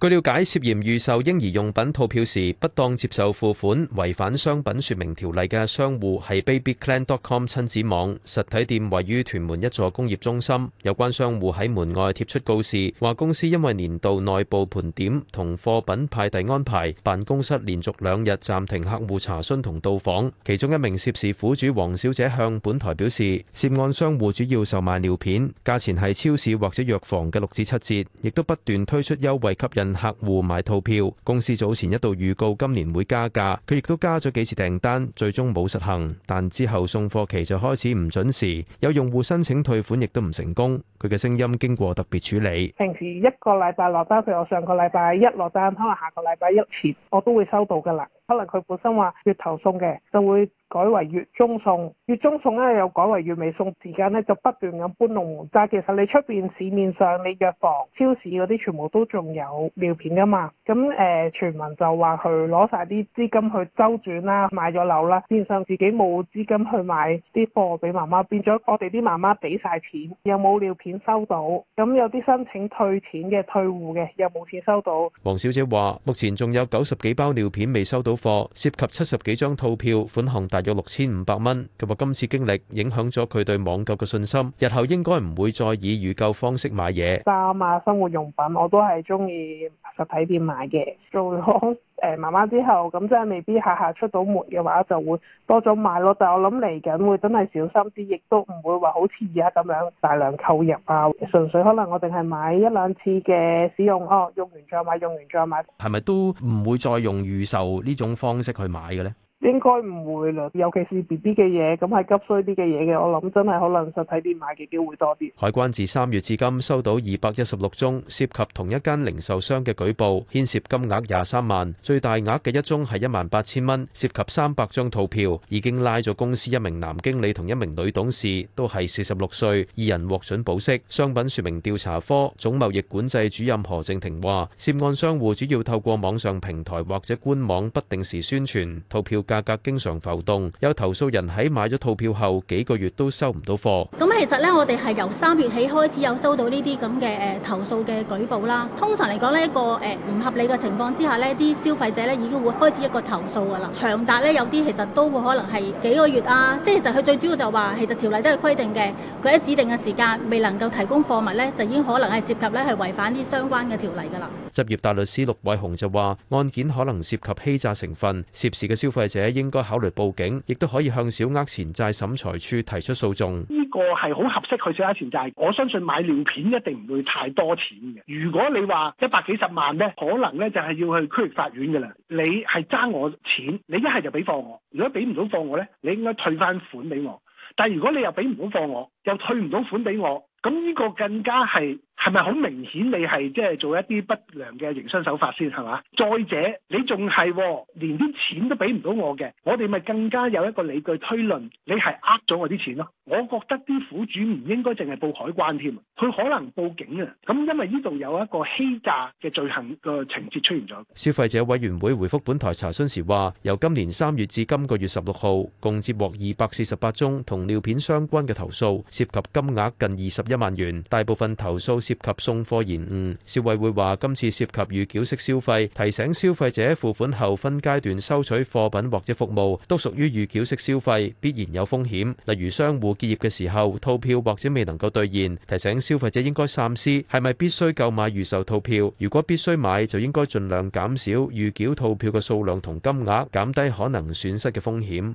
據了解，涉嫌預售嬰兒用品套票時，不當接受付款，違反商品説明條例嘅商戶係 Baby-clan.com 親子網。實體店位於屯門一座工業中心。有關商戶喺門外貼出告示，話公司因為年度內部盤點同貨品派遞安排，辦公室連續兩日暫停客戶查詢同到訪。其中一名涉事苦主黃小姐向本台表示，涉案商戶主要售賣尿片，價錢係超市或者藥房嘅六至七折，亦都不斷推出優惠吸引。客戶買套票，公司早前一度預告今年會加價，佢亦都加咗幾次訂單，最終冇實行。但之後送貨期就開始唔準時，有用戶申請退款亦都唔成功。佢嘅聲音經過特別處理。平時一個禮拜落單，譬如我上個禮拜一落單，可能下個禮拜一前我都會收到噶啦。可能佢本身話月頭送嘅，就會。改為月中送，月中送咧又改為月尾送，時間咧就不斷咁搬弄。但係其實你出邊市面上你藥房、超市嗰啲全部都仲有尿片噶嘛？咁誒，傳聞就話佢攞晒啲資金去周轉啦，買咗樓啦，變相自己冇資金去買啲貨俾媽媽，變咗我哋啲媽媽俾晒錢又冇尿片收到，咁有啲申請退錢嘅退戶嘅又冇錢收到。黃小姐話：目前仲有九十幾包尿片未收到貨，涉及七十幾張套票，款項大。大約六千五百蚊，佢話今次經歷影響咗佢對網購嘅信心，日後應該唔會再以預購方式買嘢。衫啊，生活用品我都係中意實體店買嘅。做咗誒，媽媽之後，咁即係未必下下出到門嘅話，就會多咗買咯。但係我諗嚟緊會真係小心啲，亦都唔會話好似而家咁樣大量購入啊。純粹可能我淨係買一兩次嘅使用，哦，用完再買，用完再買。係咪都唔會再用預售呢種方式去買嘅呢？應該唔會啦，尤其是 BB 嘅嘢，咁係急需啲嘅嘢嘅。我諗真係可能實體店買嘅機會多啲。海關自三月至今收到二百一十六宗涉及同一間零售商嘅舉報，牽涉金額廿三萬，最大額嘅一宗係一萬八千蚊，涉及三百張套票，已經拉咗公司一名男經理同一名女董事，都係四十六歲，二人獲准保釋。商品説明調查科總貿易管制主任何正廷話，涉案商戶主要透過網上平台或者官網不定時宣傳套票。價格經常浮動，有投訴人喺買咗套票後幾個月都收唔到貨。咁其實呢，我哋係由三月起開始有收到呢啲咁嘅誒投訴嘅舉報啦。通常嚟講呢，一個誒唔合理嘅情況之下呢啲消費者呢已經會開始一個投訴噶啦。長達呢，有啲其實都會可能係幾個月啊，即係其實佢最主要就話，其實條例都係規定嘅，佢喺指定嘅時間未能夠提供貨物呢，就已經可能係涉及呢係違反啲相關嘅條例噶啦。執業大律師陸偉雄就話，案件可能涉及欺詐成分，涉事嘅消費者應該考慮報警，亦都可以向小額錢債審裁處提出訴訟。呢個係好合適去小額錢債，我相信買尿片一定唔會太多錢嘅。如果你話一百幾十萬咧，可能咧就係要去區域法院噶啦。你係爭我錢，你一係就俾貨我，如果俾唔到貨我咧，你應該退翻款俾我。但係如果你又俾唔到貨我，又退唔到款俾我，咁呢個更加係。係咪好明顯？你係即係做一啲不良嘅營商手法先係嘛？再者，你仲係連啲錢都俾唔到我嘅，我哋咪更加有一個理據推論，你係呃咗我啲錢咯？我覺得啲苦主唔應該淨係報海關添，佢可能報警啊！咁因為呢度有一個欺詐嘅罪行嘅情節出現咗。消費者委員會回覆本台查詢時話，由今年三月至今個月十六號，共接獲二百四十八宗同尿片相關嘅投訴，涉及金額近二十一萬元，大部分投訴涉。及送貨延誤，消委會話今次涉及預繳式消費，提醒消費者付款後分階段收取貨品或者服務都屬於預繳式消費，必然有風險，例如，商戶結業嘅時候，套票或者未能夠兌現，提醒消費者應該三思，係咪必須購買預售套票？如果必須買就應該盡量減少預繳套票嘅數量同金額，減低可能損失嘅風險。